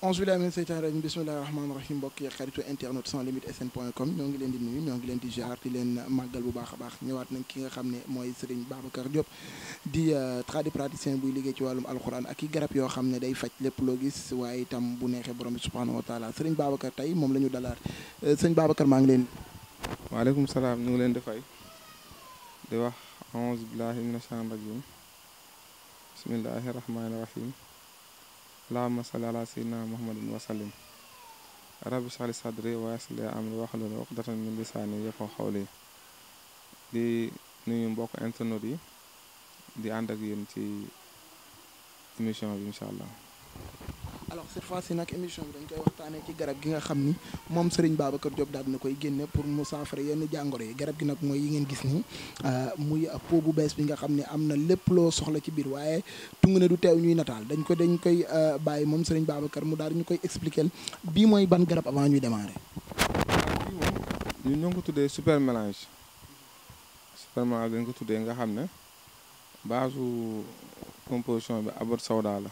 onze billahi min seytaan rajim bismillahi rahmaani rahim mbokk yi xaritu internet sans limite sn point com ñoo ngi leen di nuyu ñoo ngi leen di jaar di leen màggal bu baax a baax ñëwaat nañ ki nga xam ne mooy Serigne Babacar Diop di euh, tradipraticien buy liggéey ci wàllum alxuraan ak i garab yoo xam ne day faj lépp loo gis waaye itam bu neexee borom bi subhaanahu wa taala Serigne tey moom la ñu dalaat euh, sëñ Babacar maa ngi leen waaleykum salaam ñu ngi leen di fay di wax onze billahi min seytaan rajim bismillahi rahmaani rahim allahumma salli ala sayyidina muhammadin wa sallim rabbi sahli sadri wa yassir li amri wahlul uqdatan min lisaani yafqahu qawli di nuyu mbokk internet yi di ànd ak yéen ci émission bi incha allah alors cette fois ci nag émission bi dañ koy waxtaanee ci garab gi nga xam ni moom seriñ Babacar Diop daal dina koy génne pour mu saafara yenn jàngoro yi garab gi nag mooy yi ngeen gis ni euh, muy pot bu bees bi nga xam ne am na lépp loo soxla ci biir waaye tungu ne du teew ñuy nataal dañ ko dañ koy euh, bàyyi moom Serigne Babacar mu daal ñu koy expliquer bii mooy ban garab avant ñuy démarrer. ñun ñoo ngi ko tuddee super mélange super dañ ko tuddee nga xam ne base composition bi abord sawda la.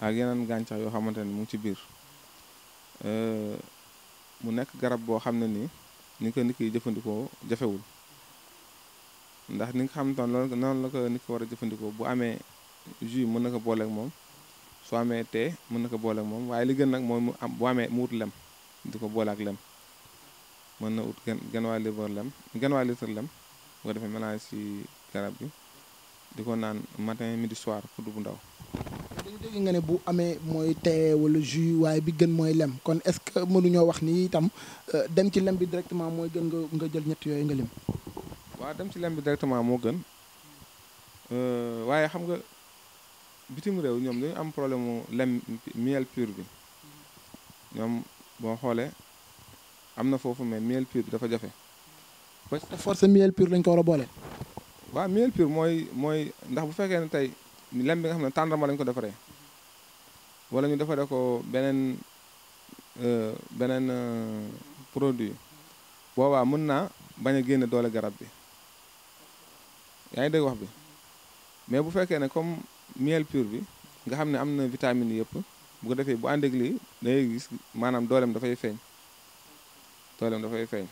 ak yeneen gàncax yoo xamante ni mu ngi ci biir eh, mu nekk garab boo xam ne ni ni ko nit jëfandikoo jafewul ndax ni nga xam ne loolu noonu la ko nit war a jëfandikoo bu amee jus mën na ko booleeg moom su amee tee mën na ko booleeg moom waaye li gën nag mooy mu am bu amee mu wut lem di ko boole ak lem mën na ut gen genn waa litre lem genn waa litre lem bu ko defee mélange garab bi di ko naan matin midi soir kudd bu ndaw dégg nga ne bu amee mooy tee wala jus waaye bi gën mooy lem kon est-ce que mënuñoo wax nii itam euh, dem ci lem bi directement mooy gën nga nga jël ñetti yooyu nga lim. waa dem ci lem bi directement moo gën euh, waaye xam nga bitim réew ñoom dañu am problème mu lem miel pur bi ñoom boo xoolee am na foofu mais miel pur dafa jafe. parce que force miel pur lañ ko war a boole. waa miel pur mooy mooy ndax bu fekkee ne tey lem bi nga xam ne tàndarma lañ ko defaree wala ñu defaree ko beneen euh, beneen euh, produit boobaa mën naa bañ a génne doole garab bi yaa ngi dégg wax bi mais bu fekkee ne comme miel pur bi nga xam ne am na vitamine yëpp bu ko defee bu ànd ak lii gis maanaam dooleem dafay feeñ dooleem dafay feeñ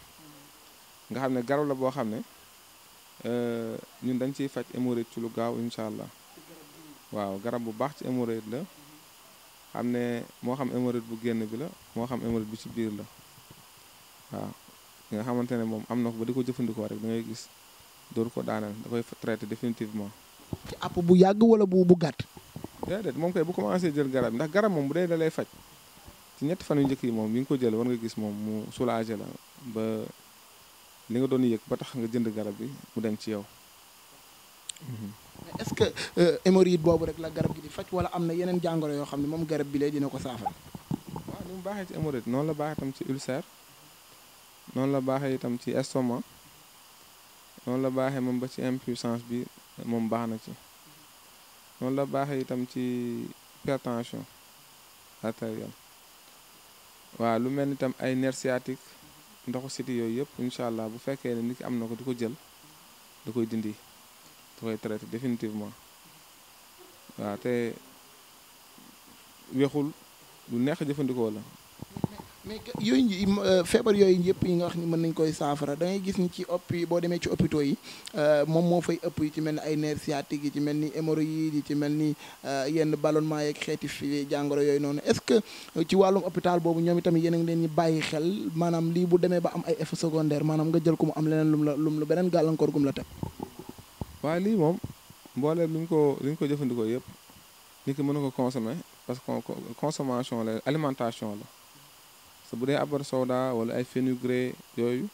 nga xam ne garab la boo xam ne euh, ñun dañ ciy faj hémorroïde ci lu gaaw incha allah waaw garab bu baax ci hémorroïde la xam ne moo xam hémorroïde bu génn bi la moo xam hémorroïde bi ci biir la waaw nga xamante ne moom am na ko ba di ko jëfandikoo rek da ngay gis dootu ko daaneel da koy traité définitivement. ci àpp bu yàgg wala bu bu gàtt. déedéet moom kay bu commencé jël garab ndax garab moom bu dee dalay faj ci ñetti fan yu njëkk yi moom bi nga ko jël war nga gis moom mu soulagé la ba li nga doon yëg ba tax nga jënd garab bi mu dem ci yow. est-ce que euh, hémorroïde boobu rek la garab gi di faj wala am na yeneen jàngoro yoo xam ne moom garab bi lay dina ko saafara. waaw ni baaxee ci hémorroïde noonu la baaxee itam ci ulcère noonu la baaxe itam ci estomac noonu la baaxee moom ba ci impuissance bi moom baax na ci noonu la baaxe itam ci pertention artérielle waaw lu mel ni itam ay nerf ndoxu siti yooyu yëpp incha allah bu fekkee ne nit ki am na ko di ko jël da koy dindi. dafay traité définitivement waaw te weexul lu neex a jëfandikoo la. mais yooyu euh, feebar yooyu yëpp yi nga wax ni mën nañ koy saafara dangay gis ni ci opp yi boo demee ci hôpitaux yi euh, moom moo fay ëpp yi ci mel ni ay neer sciatique yi ci mel ni hémorroïdes yi ci mel ni euh, yenn ballonnement yeeg xeeti fi jàngoro yooyu noonu est-ce que ci wàllum hôpital boobu ñoom itamit yéen a ngi leen ñu bàyyi xel maanaam lii bu demee ba am ay effets secondaires maanaam nga jël ko mu am leneen lum la lum la beneen gàllankoor gum la teg. waaye lii moom mbooleem li ko li ñu ko jëfandikoo yëpp nit ki mën na ko consommer parce que consommation la alimentation la sa bu dee abar soda wala ay fenugrec yooyu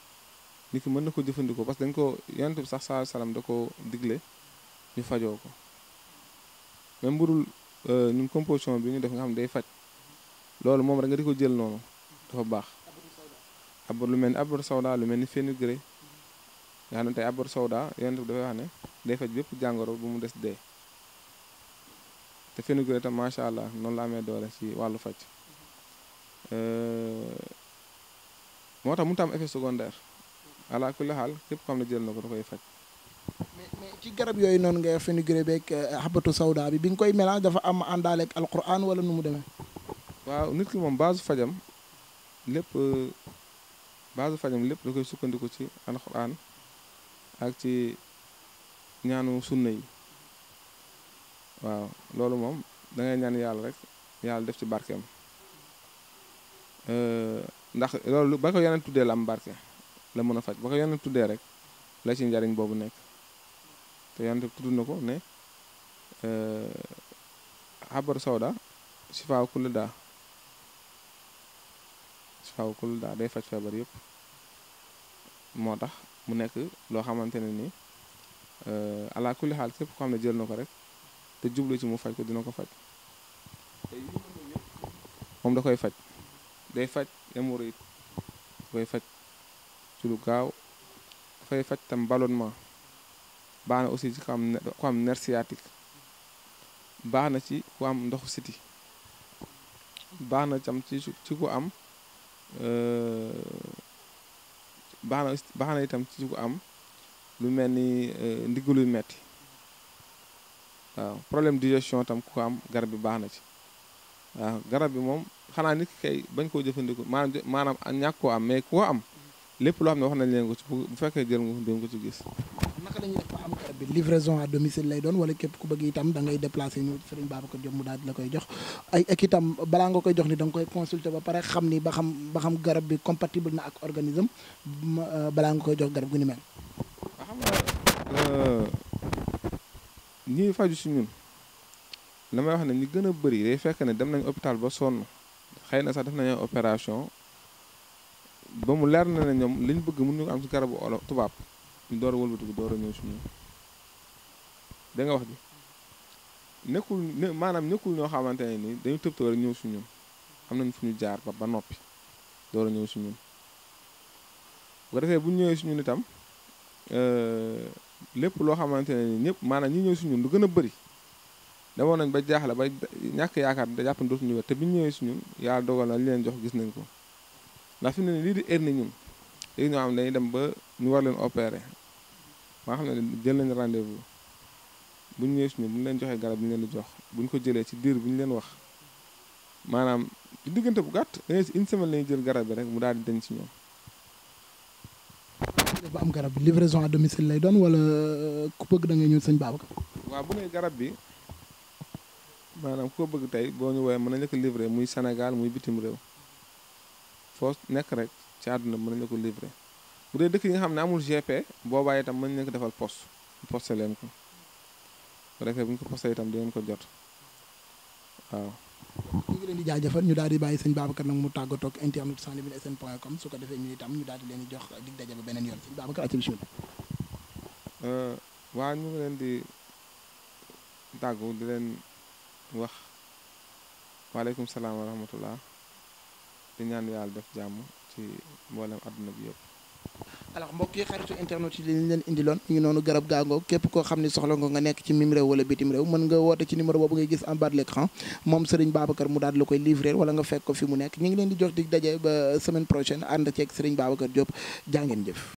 nit ki mën na ko jëfandikoo parce que dañ ko yonent sax saa salaam da ko digle ñu fajoo ko même mburu euh, ñun composition bi ñu def nga xam ne day faj loolu moom rek nga di ko jël noonu dafa baax abar lu mel ni abar soda lu mel ni fenugrec nga xam ne tey abar sowda yonent bi dafay wax day faj bépp jàngoro bu mu des dee te fenugré tam macha allah noonu la amee doole ci wàllu faj moo tax mënut tam effet secondaire ala kulli xaal képp xam ne jël na ko da koy faj. mais ci garab yooyu noonu nga fenugré beeg xabatu eh, sawda bi bi nga koy mélange dafa am àndaaleeg alquran wala nu mu demee. waaw nit ki moom base fajam lépp base fajam lépp da koy sukkandiku ci alquran. ak ci ñaanu sunna yi waaw loolu moom da ngay ñaan yàlla rek yàlla def ci barkeem ndax loolu ba ko yeneen tuddee la am barke la mën a faj ba ko yeneen tuddee rek la ci njariñ boobu nekk te yonent tudd na ko ne xabar sawda sifaaw kulli daa sifaaw kulli daa day faj feebar yëpp moo tax mu nekk loo xamante ne ni euh, ala kulli xaal képp koo xam ne jël na ko rek te jublu ci mu faj ko dina ko faj moom da koy faj day faj hémorroïde da koy faj ci lu gaaw dafay faj tam ballonnement baax na aussi ci ku am ku baax na ci ku am ndoxu siti baax na tam ci ku am euh, baax na itam ci ko am lu mel ni euh, ndigg luy metti waaw problème digestion tam ku ko am garab bi baax na ci waaw garab bi moom xanaa nit ki kay bañ koo jëfandikoo maanaam maanaam ñàkk koo am mais koo am lépp loo xam ne wax nañ leen ko ci bu fekkee jël nga ko ko ci gis. bi livraison à domicile lay doon wala képp ku bëgg itam dangay ngay déplacé ñu Serigne Babacar Diop mu daal di la koy jox itam balaa nga koy jox ni da nga koy consulter ba pare xam ni ba xam ba xam garab bi compatible na ak organisme euh, balaa nga koy jox garab gu ni mel. xam nga euh, ñuy faju si ñun la may wax ne ñu gën a bëri day fekk ne dem nañ hôpital ba sonn xëy na sax def nañu opération. ba mu leer na ne ñoom liñ bëgg mënuñu ko am ci garabu olof tubaab ñu door a wëlbatiku door a ñëw suñu da wax ji nekkul ne maanaam nekkul ñoo xamante ne ni dañu tëb tëb ñëw si ñun am nañ fu ñu jaar ba ba noppi door a ñëw si ñun bu defee bu ñëwee si ñun itam euh, lépp loo xamante ne ñëpp maanaam ñi ñëw si ñun lu gën a bëri demoon nañ ba jaaxle ba ñàkk yaakaar da jàpp ne dootuñu wér te bi ñëwee si ñun dogal na leen jox gis nañ ko ndax fi ne ni lii di erni ñun léegi ñoo xam dañuy dem ba ñu war leen opérer maa xam ne jël nañ rendez bu ñu ñëwee suñu ñun bu ñu leen joxee garab bi ñu leen di jox bu ñu ko jëlee ci diir bu ñu leen wax maanaam diggante bu gàtt da une semaine la jël garab bi rek mu daal di dañ si ñoom. ba am garab bi livraison à domicile lay doon wala euh, ku bëgg da ngay sañ sëñ Babacar. waaw bu nee garab bi maanaam ku ko bëgg tey boo ñu woowee mën nañ la ko muy Sénégal muy bitim réew foo nekk rek ci àdduna mën nañ la ko livrer bu dee dëkk yi nga xam ne amul GP boobaa itam mën nañ ko defal post poste leen ko. bu defee bu ñu ko posté itam di ngeen ko jot waaw. ñu ngi leen di jaajëfal ñu daal di bàyyi sëñ Babacar nag mu tàggatoo ak internet sans limite sn point com su ko defee ñu itam ñu daal leen di jox dig daje ba beneen yoon sëñ Babacar attention. Euh, waa ñu leen di tàggu di leen wax waaleykum salaam wa rahmatullah di ñaan yàlla def jàmm ci mboolem àdduna bi yëpp. alors mbokk yi xaritu internet yi li leen indiloon ngi noonu garab gaangoo képp koo xam ne soxla nga nga nekk ci mim réew wala bitim réew mën nga woote ci numéro boobu ngay gis en bas de l'écran moom Serigne Babacar mu daal la koy livrer wala nga fekk ko fi mu nekk ñu ngi leen di jox dig daje ba semaine prochaine ànd ceeg Serigne Babacar Diop jaa ngeen jëf